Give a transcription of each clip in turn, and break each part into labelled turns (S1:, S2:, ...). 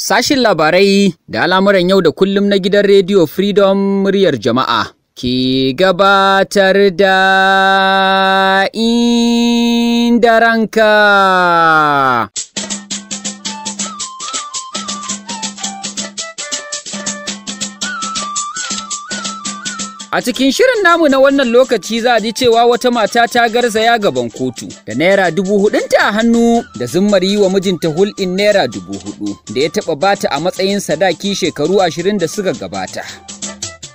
S1: Sashin labarai da al'amuran yau da kullum na gidan Radio Freedom muryar jama'a ke gabatar da inda ranka. A cikin shirin namu na wannan lokaci za a ji cewa wata mata ta garzaya gaban kotu da naira dubu hudunta a hannu da zimmar yi wa mijinta hulɗin naira dubu hudu da ya taɓa bata a matsayin sadaki shekaru ashirin da suka gabata.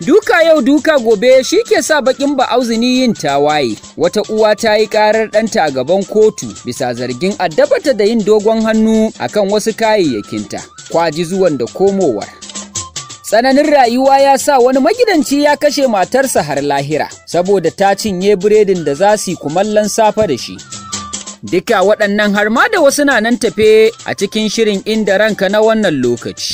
S1: Duka yau duka gobe shi ke sa bakin ba'auzini yin tawaye. Wata uwa ta yi karar ɗanta a gaban kotu bisa zargin addabata da yin dogon hannu akan wasu kayayyakinta, kwaji zuwan da komowar. Tsananin rayuwa ya sa wani magidanci ya kashe matarsa har lahira, saboda ta cinye biredin da za su yi kumallon safe da shi. Duka waɗannan har ma da wasu na nan tafe a cikin shirin inda ranka na wannan lokaci.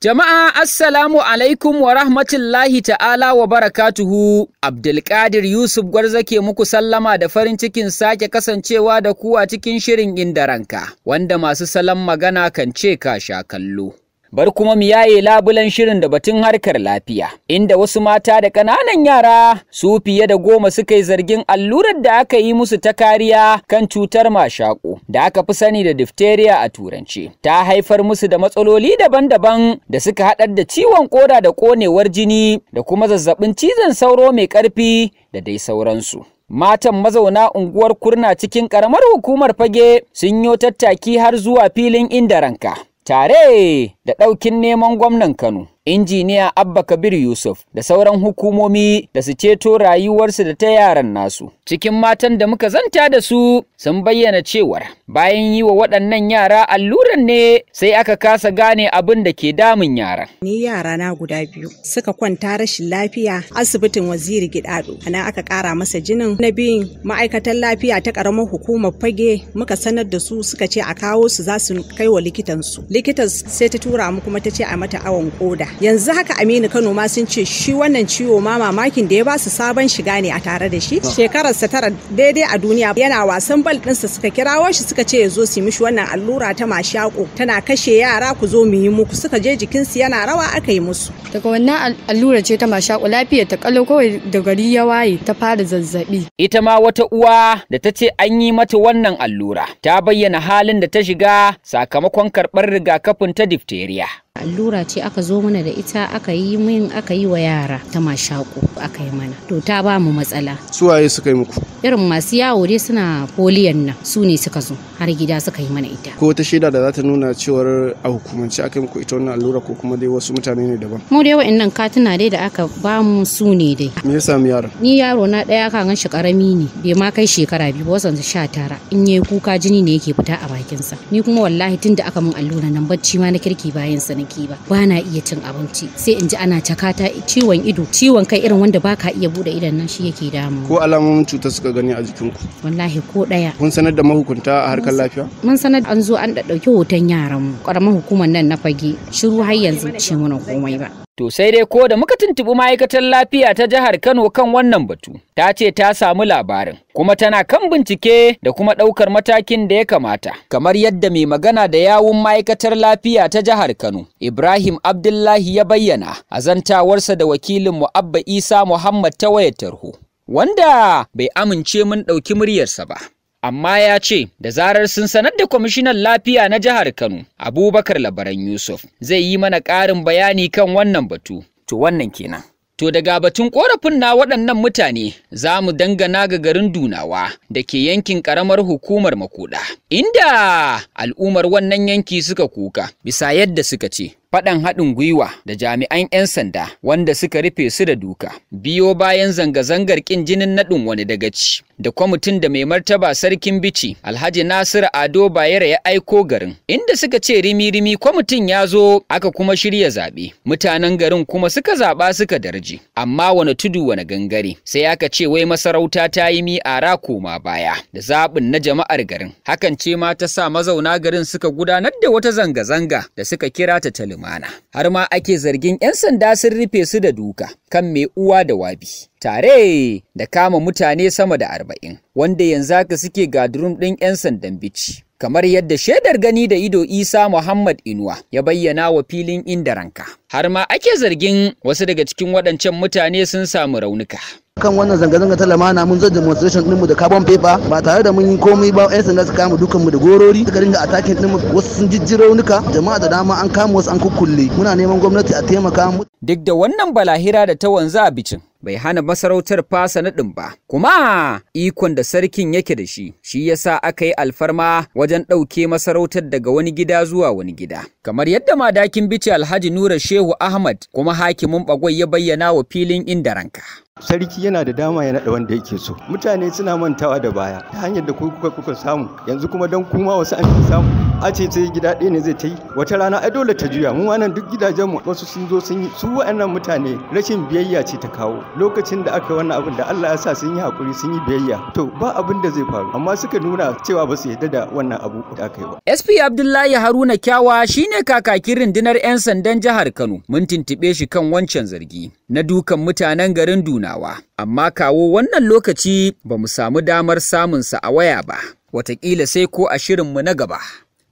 S1: Jama'a Assalamu alaikum wa rahmatullahi ta'ala wa barakatuhu, Abdulkadir Yusuf Gwarza ke muku sallama da farin cikin sake kasancewa da ku a cikin shirin inda ranka, wanda masu salon magana kan ce ka sha kallo. Bar kuma mu yaye labulan shirin da batun harkar lafiya, inda wasu mata da ƙananan yara su fiye da goma suka yi zargin allurar da aka yi musu ta kariya kan cutar mashaƙo, da aka fi sani da diphtheria a turance. Ta haifar musu da matsaloli daban-daban da suka haɗar da ciwon ƙoda da ƙonewar jini da kuma zazzaɓin cizon sauro mai ƙarfi da dai sauransu. Matan mazauna unguwar Kurna cikin ƙaramar hukumar Fage sun yi tattaki har zuwa filin inda ranka tare da ɗaukin neman gwamnan Kano. injiniya Abba Kabir Yusuf da sauran hukumomi da su ceto rayuwarsu da ta yaran nasu. Cikin matan da muka zanta da su sun bayyana cewar bayan yi wa waɗannan yara alluran ne sai aka kasa gane abin da ke damun yara.
S2: Ni yara na guda biyu suka kwanta rashin lafiya asibitin waziri gidado ana aka kara masa jinin na biyun ma'aikatan lafiya ta ƙaramar hukumar fage muka sanar da su suka ce a kawo su za su kai wa likitansu. Likitan sai ta tura mu kuma ta ce a mata awon koda. yanzu haka aminu kano ma sun ce shi wannan ciwo ma mamakin da ya ba su sabon shiga ne a tare da shi ah. shekararsa tara daidai a duniya yana wasan bal sa suka kirawo shi suka ce ya zo su mishi wannan allura ta mashako tana kashe yara ku zo mu yi muku suka je jikinsu yana rawa aka yi musu daga wannan allura ce ta mashako lafiya ta kallo kawai da gari ya waye ta fara zazzabi
S1: ita ma wata uwa da ta ce an yi mata wannan allura ta bayyana halin da ta shiga sakamakon karɓar rigakafin ta diphtheria allura ce aka zo mana da ita aka yi min aka yi wa yara ta mashaku aka yi mana to ta ba mu matsala suwaye suka yi muku irin masu yawo dai suna foliyan nan su ne suka zo har gida suka yi mana ita ko wata shaida da za ta nuna cewar a hukumance aka yi muku ita wannan allura ko kuma dai wasu mutane ne daban mu dai wa'annan katuna dai da aka ba mu su ne dai me ya sami yaron ni yaro na daya gan shi karami ne bai ma kai shekara biyu ba wasan sha tara in yayi kuka jini ne yake fita a bakinsa ni kuma wallahi tunda aka min allura nan bacci ma na kirki bayan sa nake aiki ba ba na iya cin abinci sai in ji ana cakata ciwon ido ciwon kai irin wanda ba ka iya bude idan nan shi yake damu ko alamomin cutar suka gani a jikin ku wallahi ko daya kun sanar da mahukunta a harkar lafiya mun sanar an zo an ɗauki hoton yaran mu ƙaramin hukumar nan na fage shiru har yanzu ce mana komai ba To sai dai ko da muka tuntubi ma'aikatar lafiya ta jihar Kano kan wannan batu, ta ce ta samu labarin, kuma tana kan bincike da kuma ɗaukar matakin da ya kamata. Kamar yadda mai magana da yawun ma'aikatar lafiya ta jihar Kano, Ibrahim Abdullahi ya bayyana a zantawarsa da wakilin Abba Isa Muhammad ta wayar tarho, wanda bai amince mun ɗauki muryarsa ba. amma ya ce da zarar sun sanar da kwamishinan lafiya na jihar Kano Abubakar Labaran Yusuf zai yi mana ƙarin bayani kan wannan batu to wannan kenan To daga batun korafin na waɗannan mutane za mu dangana ga garin Dunawa da ke yankin ƙaramar hukumar Makuda, inda al'ummar wannan yanki suka kuka bisa yadda suka ce faɗan haɗin gwiwa da jami'an 'yan sanda wanda suka rufe su da duka biyo bayan zanga-zangar ƙin jinin naɗin wani ci da kwamitin da mai martaba sarkin bici alhaji nasiru ado bayero ya aiko garin inda suka ce rimi-rimi kwamitin ya zo aka kuma shirya zaɓe mutanen garin kuma suka zaɓa suka darji. amma wani tudu wani gangare sai aka ce wai masarauta ta yi mi'ara koma baya da zaɓin na jama'ar garin hakan ce ma ta sa mazauna garin suka gudanar da wata zanga-zanga da suka kira ta talin lumana. Har ma ake zargin 'yan sanda sun rufe su da duka kan mai uwa da wabi. Tare da kama mutane sama da arba'in, wanda yanzu haka suke gadurum ɗin 'yan sandan bici. kamar yadda shaidar gani da ido Isa Muhammad Inuwa ya bayyana wa filin inda ranka. Har ma ake zargin wasu daga cikin waɗancan mutane sun samu raunuka.
S2: kan wannan zanga-zanga ta lamana mun zo demonstration mu da carbon paper ba tare da mun yi komai ba yan sanda suka kama dukan mu da gorori suka dinga attacking dinmu wasu sun jijji raunuka jama'a da dama an kama wasu an kukkulle muna neman gwamnati a taimaka mu
S1: duk da wannan balahira da ta wanzu a bicin bai hana masarautar fasa naɗin ba kuma ikon da sarkin yake da shi shi yasa aka yi alfarma wajen ɗauke masarautar daga wani gida zuwa wani gida kamar yadda madakin bice alhaji nura shehu ahmad kuma hakimin bagwai ya bayyana wa filin inda ranka sarki yana da dama ya naɗa wanda yake so mutane suna mantawa da baya ta hanyar da kuka kuka samu yanzu kuma don kuma wasu an samu a ce sai gida ɗaya ne zai ta yi wata rana ai dole ta juya mu nan duk gidajen mu wasu sun zo sun yi su wa'annan mutane rashin biyayya ce ta kawo lokacin da aka yi wannan abin da Allah ya sa sun yi hakuri sun yi biyayya to ba abin da zai faru amma suka nuna cewa ba su yarda da wannan abu da aka yi ba SP Abdullahi Haruna Kyawa shine kakakin rundunar 'yan sandan jihar Kano mun tuntube shi kan wancan zargi na dukan mutanen garin Duna tunawa. amma kawo wannan lokaci ba mu samu damar samunsa a waya ba, wataƙila sai ko a mu na gaba,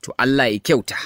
S1: to Allah ya kyauta.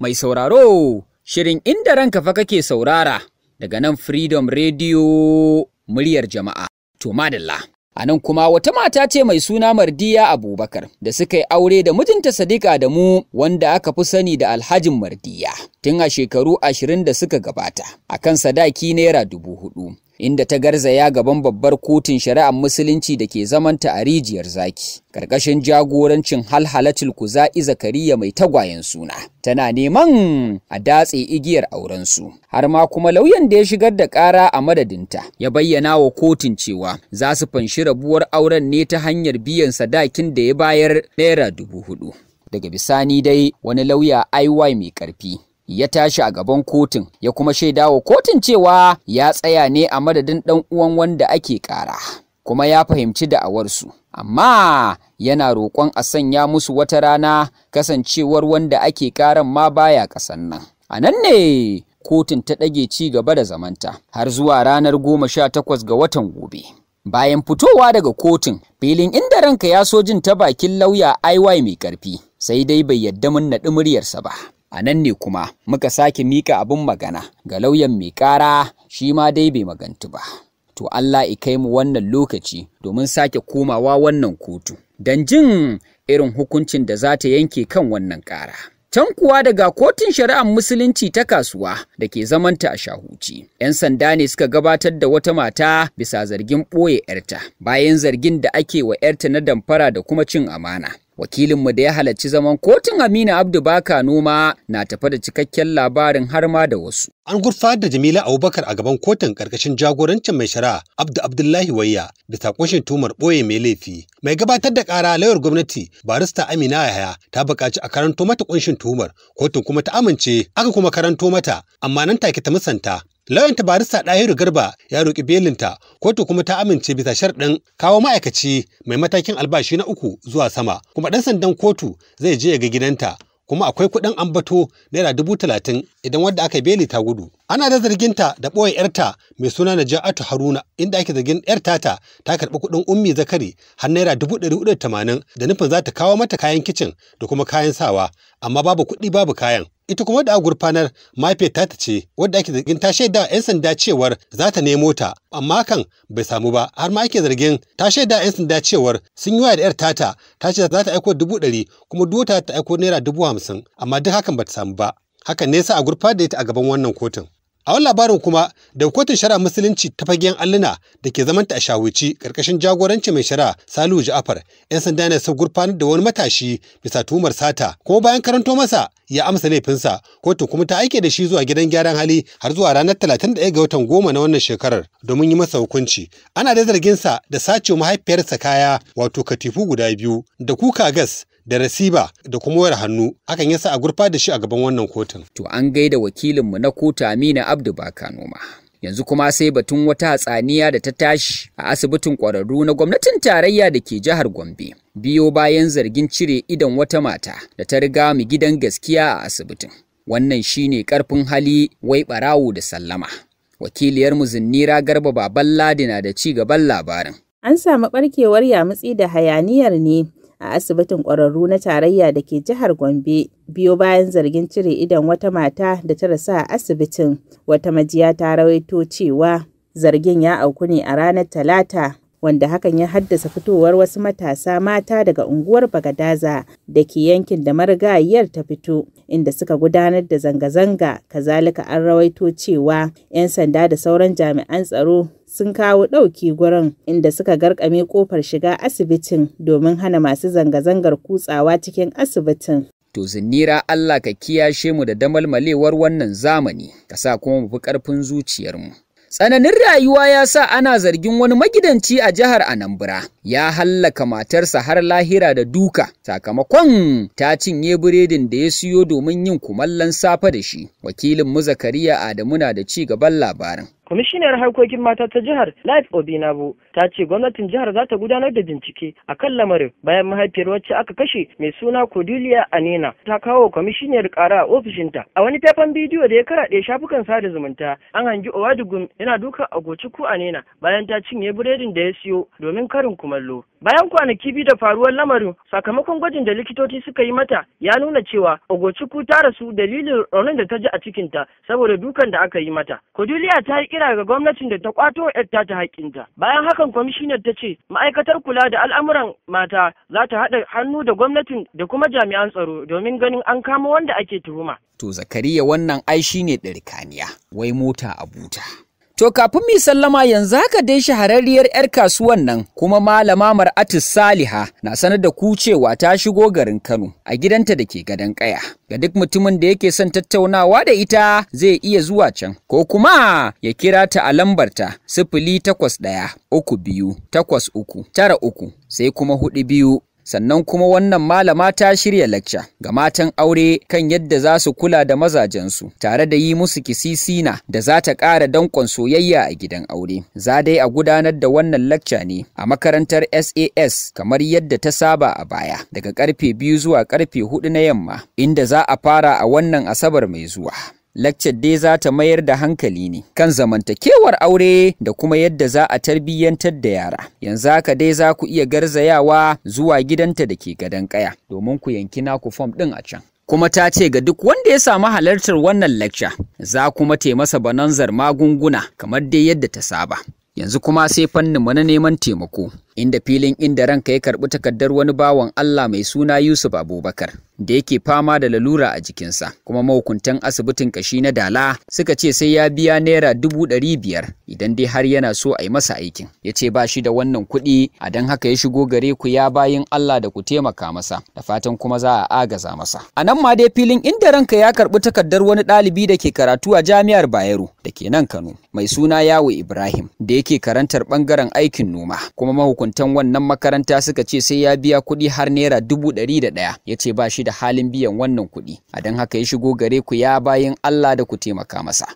S1: Mai sauraro, shirin inda ranka fa kake saurara daga nan Freedom Radio muryar jama'a, to madalla. A nan kuma wata mata ce mai suna Mardiya Abubakar da suka yi aure da mijinta Sadiqa da mu wanda aka fi sani da Alhajin Mardiya tun a shekaru ashirin da suka gabata a kan sadaki naira dubu hudu. inda ta garzaya gaban babbar kotun shari'ar musulunci da ke zamanta a rijiyar zaki karkashin jagorancin halhalatul kuza'i zakariya mai tagwayen suna tana neman a datse igiyar aurensu har ma kuma lauyan da ya shigar da ƙara a madadinta ya bayyana wa kotun cewa za su fanshi rabuwar auren ne ta hanyar biyan sadakin da ya bayar naira dubu hudu daga bisani dai wani lauya iy mai karfi ya tashi a gaban kotun ya kuma shaidawa kotun cewa ya tsaya ne a madadin dan uwan wanda ake kara, kuma ya fahimci da'awarsu amma yana roƙon a sanya musu wata rana kasancewar wanda ake ƙaran ma baya ƙasan nan a nan ne kotun ta ɗage ci gaba da zamanta har zuwa ranar goma sha takwas ga watan gobe bayan fitowa daga kotun filin inda ranka ya so jin ta bakin lauya iy mai ƙarfi sai dai bai yadda mun naɗi muryarsa ba a nan ne kuma muka sake mika abin magana ga lauyan mai kara shi ma dai bai magantu ba to Allah i kai mu wannan lokaci domin sake komawa wannan kotu Dan jin irin hukuncin da za ta yanke kan wannan ƙara. Can kuwa daga kotun shari'ar musulunci ta kasuwa da ke zamanta a shahuci. 'Yan sanda ne suka gabatar da wata mata bisa zargin ɓoye 'yarta bayan zargin da ake wa 'yarta na damfara da kuma cin amana. Wakilinmu da ya halarci zaman kotun Aminu Abdu Baka
S2: Noma na tafa da cikakken labarin har ma da wasu. An gurfanar da Jamila Abubakar a gaban kotun ƙarƙashin jagorancin mai shari'a Abdu Abdullahi Wayya bisa kunshin tumar ɓoye mai laifi. Mai gabatar da ƙara lauyar gwamnati barista Amina Yahaya ta buƙaci a karanto mata ƙunshin tumar kotun kuma ta amince aka kuma karanto mata amma nan take ta musanta lauyanta barista Ɗahiru Garba ya roƙi belinta kotu kuma ta amince bisa sharɗin kawo ma'aikaci mai matakin albashi na uku zuwa sama kuma ɗan sandan kotu zai je ya ga gidanta kuma akwai kuɗin ambato naira dubu talatin idan wadda aka beli ta gudu. Ana da zarginta da ɓoye ‘yarta mai suna na Naja'atu Haruna inda ake zargin ‘yar tata ta karɓi kuɗin ummi zakari har naira dubu ɗari da tamanin da nufin za ta kawo mata kayan kicin da kuma kayan sawa amma babu kuɗi babu kayan. ita kuma da gurfanar mahaifiyar ta ce wadda ake zargin ta shaida 'yan sanda cewar za ta nemo ta amma kan bai samu ba har ma ake zargin ta shaida 'yan sanda cewar sun yi waya da 'yar tata ta ce za ta aiko dubu ɗari kuma duwata ta aiko naira dubu hamsin amma duk hakan ba ta samu ba hakan ne sa a gurfa da ita a gaban wannan kotun A wani labarin kuma da kotun shari'a musulunci ta fagen alluna da ke zaman ta a shawici karkashin jagoranci mai shari'a Salihu Ja'afar yan sanda ne sun gurfanar da wani matashi bisa tuhumar sata kuma bayan karanto masa ya amsa laifinsa kotun kuma ta aike da shi zuwa gidan gyaran hali har zuwa ranar talatin da ga watan goma na wannan shekarar domin yi masa hukunci ana da zarginsa da sace mahaifiyarsa kaya wato katifu guda biyu da kuka gas da rasiba da kuma wayar hannu akan yasa a gurfa da shi a gaban wannan kotun. To an gaida wakilinmu na kotu Amina Abdu noma
S1: Yanzu kuma sai batun wata hatsaniya da ta tashi a asibitin ƙwararru na gwamnatin tarayya da ke jihar Gombe. Biyo bayan zargin cire idon wata mata da ta riga mu gidan gaskiya a asibitin. Wannan shine karfin hali wai ɓarawo da sallama. Wakiliyar mu Zinnira Garba Baban na da ci gaban labarin.
S2: An samu ɓarkewar yamutsi da hayaniyar ne a asibitin ƙwararru na tarayya da ke jihar Gombe biyo bayan zargin cire idon wata mata da ta rasu a asibitin. Wata majiya ta rawaito cewa zargin ya auku ne a ranar Talata wanda hakan ya haddasa fitowar wasu matasa mata daga unguwar Bagadaza da ke yankin da marigayiyar ta fito, inda suka gudanar da zanga-zanga, kazalika an rawaito cewa 'yan sanda da sauran jami'an tsaro sun kawo ɗauki gurin inda suka garkame kofar shiga asibitin domin hana masu zanga-zangar kutsawa cikin asibitin.
S1: To zinnira Allah ka kiyashe mu da damalmalewar wannan zamani, ka sa kuma mu fi ƙarfin zuciyarmu. Tsananin rayuwa ya sa ana zargin wani magidanci a jihar Anambra ya hallaka matarsa har lahira da duka sakamakon ta cinye biredin da ya siyo domin yin kumallon safe da shi. Wakilin mu Zakariya Adamu na da ci gaban labarin. kwamishinar harkokin mata ta jihar life obinabu ta ce gwamnatin jihar za ta gudanar da bincike a kan lamarin bayan mahaifiyar wacce aka kashe mai suna cordelia anena ta kawo kwamishinar kara a ofishinta a wani faifan bidiyo da ya karaɗe shafukan sada zumunta an hangi owadugun yana duka dukan a anena bayan ta cinye biredin da ya siyo domin karin kumallo bayan kwanaki biyu da faruwar lamarin sakamakon gwajin da likitoci suka yi mata ya nuna cewa ogochukwu ta rasu dalilin raunin da ta ji a cikinta saboda dukan da aka yi mata cordelia ta yi kira kira ga gwamnatin da ta kwato yadda ta haƙƙinta. Bayan hakan kwamishinar ta ce ma'aikatar kula da al'amuran mata za ta haɗa hannu da gwamnatin da kuma jami'an tsaro domin ganin an kama wanda ake tuhuma. To Zakariya wannan ai shine ɗirikaniya. wai mota a buta. To kafin mu sallama yanzu haka dai shahararriyar 'yar kasuwan nan kuma malama Mar'atu Saliha na sanar da ku cewa ta shigo garin Kano a gidanta da ke gadon ƙaya. Ga duk mutumin da yake son tattaunawa da ita zai iya zuwa can ko kuma ya kira ta a lambarta sifili takwas ɗaya uku biyu takwas uku tara uku sai kuma hudu biyu sannan kuma wannan malama ta shirya lacca ga matan aure kan yadda za su kula da mazajensu tare da yi musu kisisina da za ta ƙara danƙon soyayya a gidan aure za dai a gudanar da wannan lacca ne a makarantar sas kamar yadda ta saba a baya daga ƙarfe biyu zuwa ƙarfe hudu na yamma inda za a fara a wannan asabar mai zuwa Lakcar dai za ta mayar da hankali ne kan zamantakewar aure da kuma yadda za a tarbiyyantar da yara. Yanzu haka dai za ku iya garzayawa zuwa gidanta da ke gadon ƙaya domin ku yanki ku fom ɗin a can. Kuma ta ce ga duk wanda ya samu halartar wannan lecture za kuma taimasa masa bananzar magunguna kamar dai yadda ta saba. Yanzu kuma sai fannin mu na neman taimako. inda filin inda ranka ya karɓi takardar wani bawan Allah mai suna Yusuf Abubakar da yake fama da lalura a jikinsa kuma mahukuntan asibitin kashi na dala suka ce sai ya biya naira dubu ɗari biyar idan dai har yana so a yi masa aikin ya ce ba shi da wannan kuɗi a don haka ya shigo gare ku ya bayin Allah da ku taimaka masa da fatan kuma za a agaza masa a nan ma dai filin inda ranka ya karɓi takardar wani ɗalibi da ke karatu a jami'ar Bayero da ke nan Kano mai suna Yawo Ibrahim da yake karantar ɓangaren aikin noma kuma mahukuntan mahukuntan wannan makaranta suka ce sai ya biya kuɗi har naira dubu ɗari da ɗaya ya ce ba shi da halin biyan wannan kuɗi a don haka ya shigo gare ku ya bayan Allah da ku taimaka masa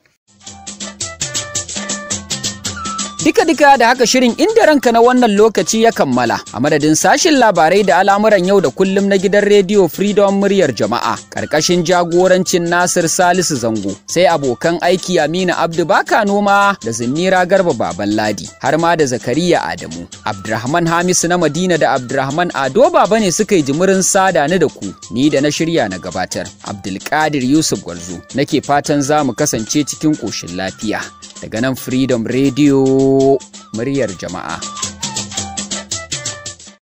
S1: Dika-dika da haka shirin inda ranka na wannan lokaci ya kammala a madadin sashin labarai da al'amuran yau da kullum na gidan rediyo Freedom muryar jama'a Ƙarƙashin jagorancin Nasir Salisu Zango sai abokan aiki Amina Abdu Baka Noma da Zinnira Garba Baban Ladi har ma da Zakariya Adamu Abdurrahman Hamisu na Madina da Abdurrahman Ado Baba ne suka yi jimirin sada ni da ku ni da na shirya na gabatar Abdulkadir Yusuf Gwarzo nake fatan za mu kasance cikin ƙoshin lafiya daga nan Freedom Radio muryar jama'a.